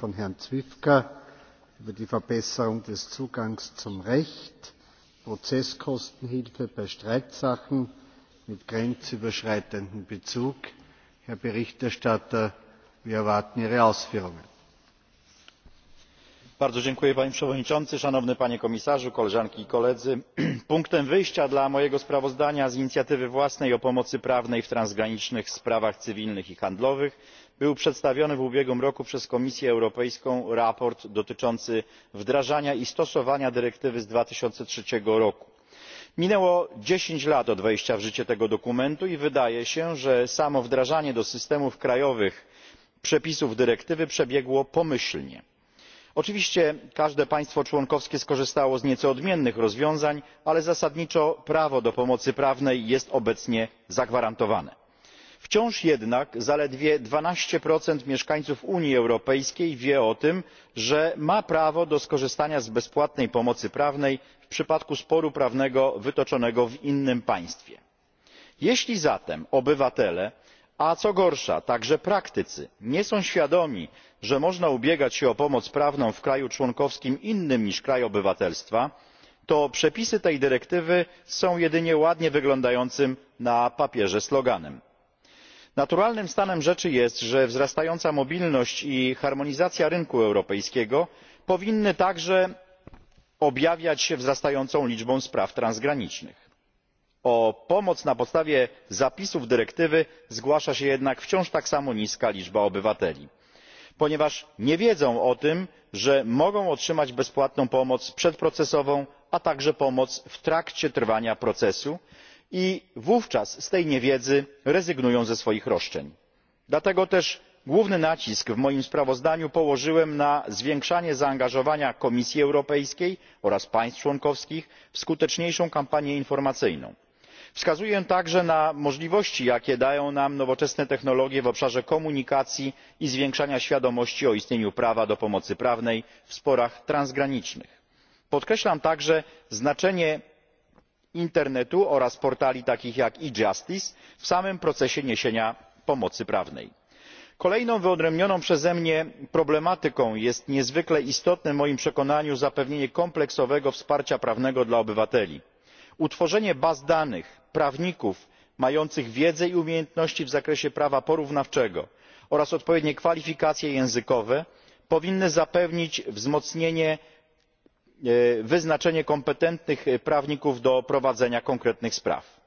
von herrn zwiefka über die verbesserung des zugangs zum recht prozesskostenhilfe bei streitsachen mit grenzüberschreitendem bezug. herr berichterstatter wir erwarten ihre ausführungen. panie przewodniczący! panie komisarzu! koleżanki i koledzy! punktem wyjścia dla mojego sprawozdania z inicjatywy własnej o pomocy prawnej w transgranicznych sprawach cywilnych i handlowych był przedstawiony w ubiegłym roku przez komisję europejską raport dotyczący wdrażania i stosowania dyrektywy z dwa tysiące trzy roku. minęło dziesięć lat od wejścia w życie tego dokumentu i wydaje się że samo wdrażanie do systemów krajowych przepisów dyrektywy przebiegło pomyślnie. oczywiście każde państwo członkowskie skorzystało z nieco odmiennych rozwiązań ale zasadniczo prawo do pomocy prawnej jest obecnie zagwarantowane wciąż jednak zaledwie dwanaście mieszkańców unii europejskiej wie o tym że ma prawo do skorzystania z bezpłatnej pomocy prawnej w przypadku sporu prawnego wytoczonego w innym państwie. jeśli zatem obywatele a co gorsza także praktycy nie są świadomi że można ubiegać się o pomoc prawną w kraju członkowskim innym niż kraj obywatelstwa to przepisy tej dyrektywy są jedynie ładnie wyglądającym na papierze sloganem naturalnym stanem rzeczy jest że wzrastająca mobilność i harmonizacja rynku europejskiego powinny także objawiać się wzrastającą liczbą spraw transgranicznych. o pomoc na podstawie zapisów dyrektywy zgłasza się jednak wciąż tak samo niska liczba obywateli ponieważ nie wiedzą o tym że mogą otrzymać bezpłatną pomoc przedprocesową a także pomoc w trakcie trwania procesu i wówczas z tej niewiedzy rezygnują ze swoich roszczeń. dlatego też główny nacisk w moim sprawozdaniu położyłem na zwiększanie zaangażowania komisji europejskiej oraz państw członkowskich w skuteczniejszą kampanię informacyjną. wskazuję także na możliwości jakie dają nam nowoczesne technologie w obszarze komunikacji i zwiększania świadomości o istnieniu prawa do pomocy prawnej w sporach transgranicznych. podkreślam także znaczenie internetu oraz portali takich jak e justice w samym procesie niesienia pomocy prawnej. kolejną wyodrębnioną przeze mnie problematyką jest niezwykle istotne w moim przekonaniu zapewnienie kompleksowego wsparcia prawnego dla obywateli. utworzenie baz danych prawników mających wiedzę i umiejętności w zakresie prawa porównawczego oraz odpowiednie kwalifikacje językowe powinny zapewnić wzmocnienie E, wyznaczenie kompetentnych e, prawników do prowadzenia konkretnych spraw.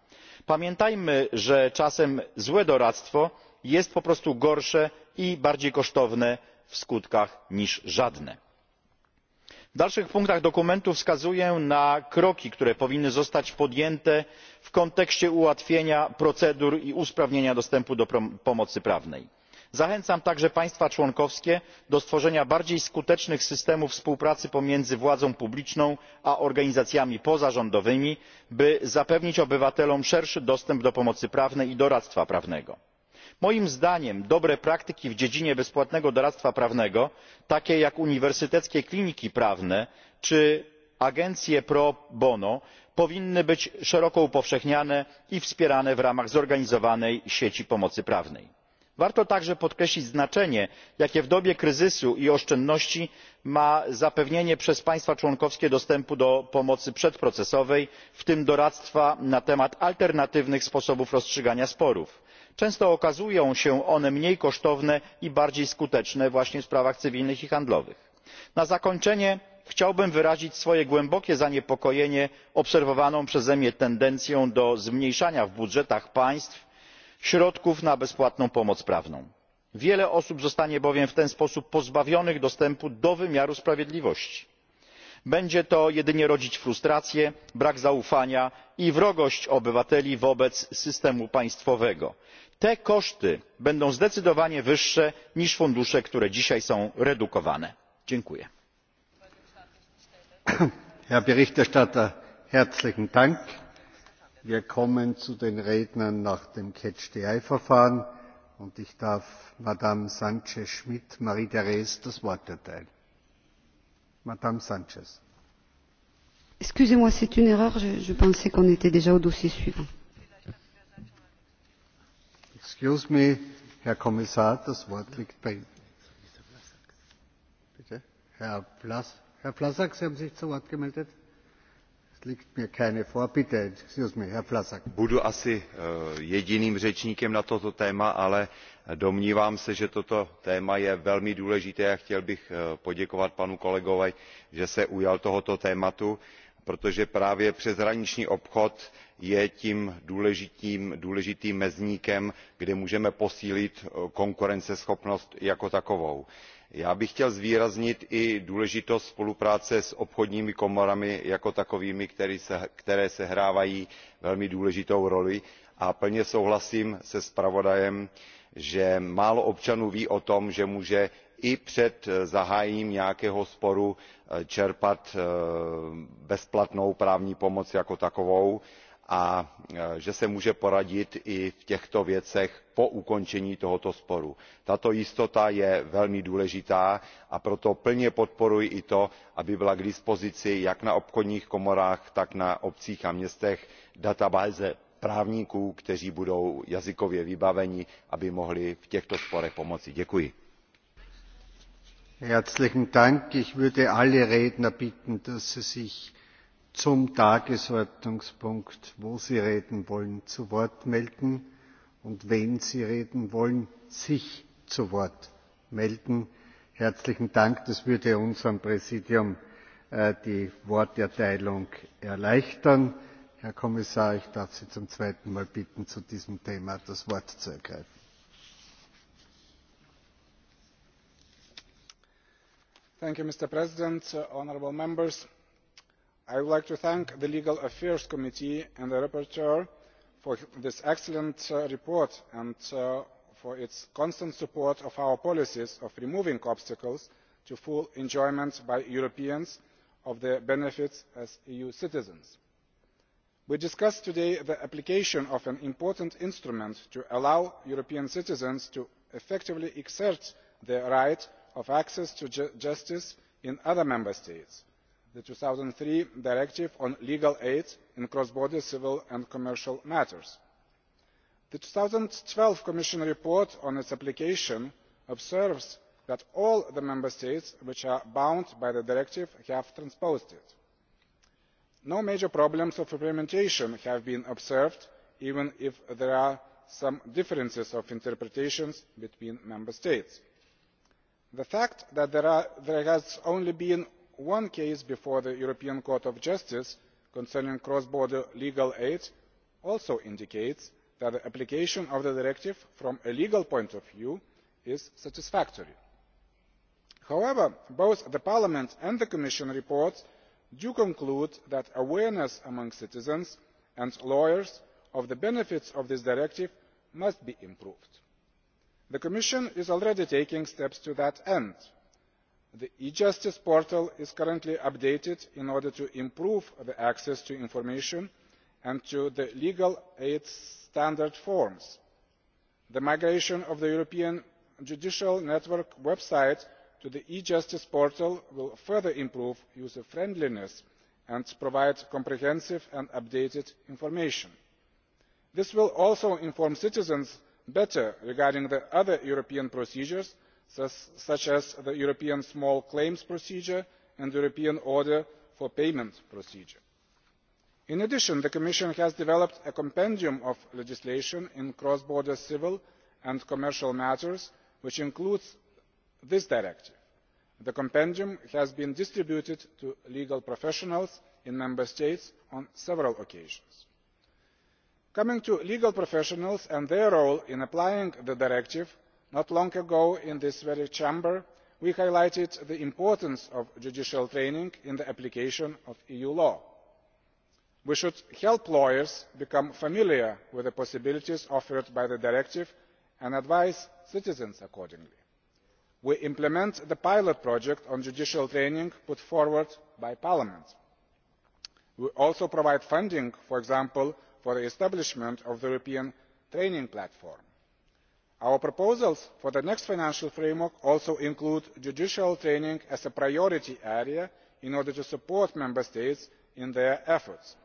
pamiętajmy że czasem złe doradztwo jest po prostu gorsze i bardziej kosztowne w skutkach niż żadne. w dalszych punktach dokumentu wskazuję na kroki które powinny zostać podjęte w kontekście ułatwienia procedur i usprawnienia dostępu do pomocy prawnej zachęcam także państwa członkowskie do stworzenia bardziej skutecznych systemów współpracy pomiędzy władzą publiczną a organizacjami pozarządowymi by zapewnić obywatelom szerszy dostęp do pomocy prawnej i doradztwa prawnego. moim zdaniem dobre praktyki w dziedzinie bezpłatnego doradztwa prawnego takie jak uniwersyteckie kliniki prawne czy agencje pro bono powinny być szeroko upowszechniane i wspierane w ramach zorganizowanej sieci pomocy prawnej warto także podkreślić znaczenie jakie w dobie kryzysu i oszczędności ma zapewnienie przez państwa członkowskie dostępu do pomocy przedprocesowej w tym doradztwa na temat alternatywnych sposobów rozstrzygania sporów. często okazują się one mniej kosztowne i bardziej skuteczne właśnie w sprawach cywilnych i handlowych. na zakończenie chciałbym wyrazić swoje głębokie zaniepokojenie obserwowaną przeze mnie tendencją do zmniejszania w budżetach państw środków na bezpłatną pomoc prawną. wiele osób zostanie bowiem w ten sposób pozbawionych dostępu do wymiaru sprawiedliwości. będzie to jedynie rodzić frustrację brak zaufania i wrogość obywateli wobec systemu państwowego. te koszty będą zdecydowanie wyższe niż fundusze które dzisiaj są redukowane. dziękuję. herr berichterstatter herzlichen wir kommen zu den rednern nach dem catch the eye verfahren und ich darf madame snchez schmidt marie therese das wort erteilen. madame snchez excusez moi c'est une erreur je, je pensais qu'on était déjà au dossier suivant. excuse me herr kommissar das wort liegt bei ihnen. bitte herr vlask herr vlask sie haben sich zu wort gemeldet budu asi eh, jediným řečníkem na toto téma ale eh, domnívám se že toto téma je velmi důležité a chtěl bych eh, poděkovat panu kolegovi že se ujal tohoto tématu protože právě přeshraniční obchod je tím důležitým, důležitým mezníkem kde můžeme posílit konkurenceschopnost jako takovou já bych chtěl zvýraznit i důležitost spolupráce s obchodními komorami jako takovými které sehrávají velmi důležitou roli a plně souhlasím se zpravodajem že málo občanů ví o tom že může i před zahájením nějakého sporu eh, čerpat eh, bezplatnou právní pomoc jako takovou a e, že se může poradit i v těchto věcech po ukončení tohoto sporu. tato jistota je velmi důležitá a proto plně podporuji i to aby byla k dispozici jak na obchodních komorách tak na obcích a městech databáze právníků kteří budou jazykově vybaveni aby mohli v těchto sporech pomoci. děkuji. herzlichen dank! ich würde alle redner bitten dass sie sich zum tagesordnungspunkt wo sie reden wollen zu wort melden und wenn sie reden wollen sich zu wort melden. herzlichen dank das würde unserem präsidium äh, die worterteilung erleichtern. herr kommissar ich darf sie zum zweiten mal bitten zu diesem thema das wort zu ergreifen. mr president honourable members i would like to thank the legal affairs committee and the rapporteur for this excellent uh, report and uh, for its constant support of our policies of removing obstacles to full enjoyment by europeans of their benefits as eu citizens. we discussed today the application of an important instrument to allow european citizens to effectively exert their right of access to justice in other member states the two thousand three directive on legal aid in cross border civil and commercial matters. the two twelve commission report on its application observes that all the member states which are bound by the directive have transposed it. no major problems of implementation have been observed even if there are some differences of interpretation between member states. the fact that there has only been one case before the european court of justice concerning cross border legal aid also indicates that the application of the directive from a legal point of view is satisfactory. however both parliament and the commission reports conclude that awareness among citizens and lawyers of the benefits of this directive must be improved. the commission is already taking steps to that end the e justice portal is currently updated in order to improve access to information and to the legal aid standard forms. the migration of the european judicial network website to the e justice portal will further improve user friendliness and provide comprehensive and updated information. this will also inform citizens better regarding the other european procedures such as the european small claims procedure and the european order for payment procedure. in addition the commission has developed a compendium of legislation in cross border civil and commercial matters which includes this directive. the compendium has been distributed to legal professionals in member states on several occasions. coming to legal professionals and their role in applying the directive not long ago in this very chamber we highlighted the importance of judicial training in the application of eu law. we should help lawyers become familiar with the possibilities offered by the directive and advise citizens accordingly. we implement the pilot project on judicial training put forward by parliament. we also provide funding for example for the establishment of the european training platform our proposals for the next financial framework also include judicial training as a priority area in order to support member states in their efforts.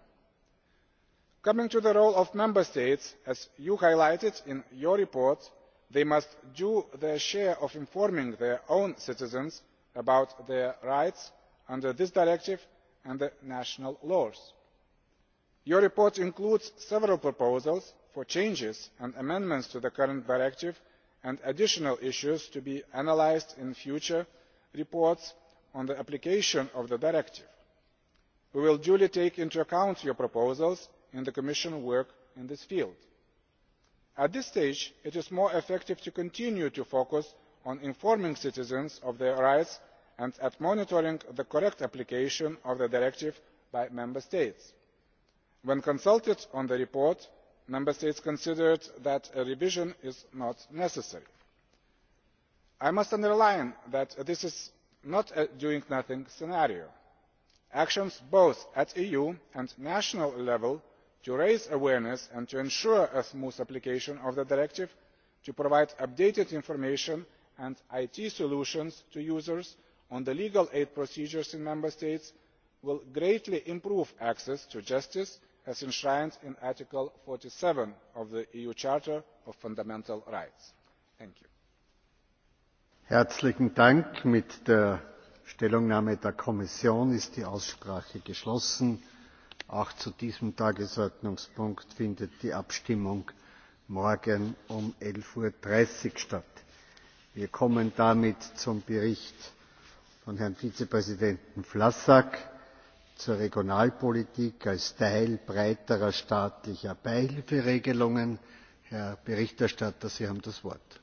coming to the role of member states as you highlighted in your report they must do their share of informing their own citizens about their rights under this directive and the national laws. your report includes several proposals for changes and amendments to the current directive and additional issues to be analysed in future reports on the application of the directive. we will duly take into account your proposals in the commission work in this field. at this stage it is more effective to continue to focus on informing citizens of their rights and at monitoring the correct application of the directive by member states. when consulted on the report member states considered that a revision is not necessary. i must underline that this is not a doing nothing scenario. actions both at eu and national level to raise awareness and to ensure a smooth application of the directive to provide updated information and it solutions to users on the legal aid procedures in member states will greatly improve access to justice as enshrined in article forty seven of the eu charter of fundamental rights. thank you. herzlichen dank! mit der stellungnahme der kommission ist die aussprache geschlossen. auch zu diesem tagesordnungspunkt findet die abstimmung morgen um. elf dreißig statt. wir kommen damit zum bericht von herrn vizepräsidenten vlask zur regionalpolitik als teil breiterer staatlicher beihilferegelungen. herr berichterstatter sie haben das wort.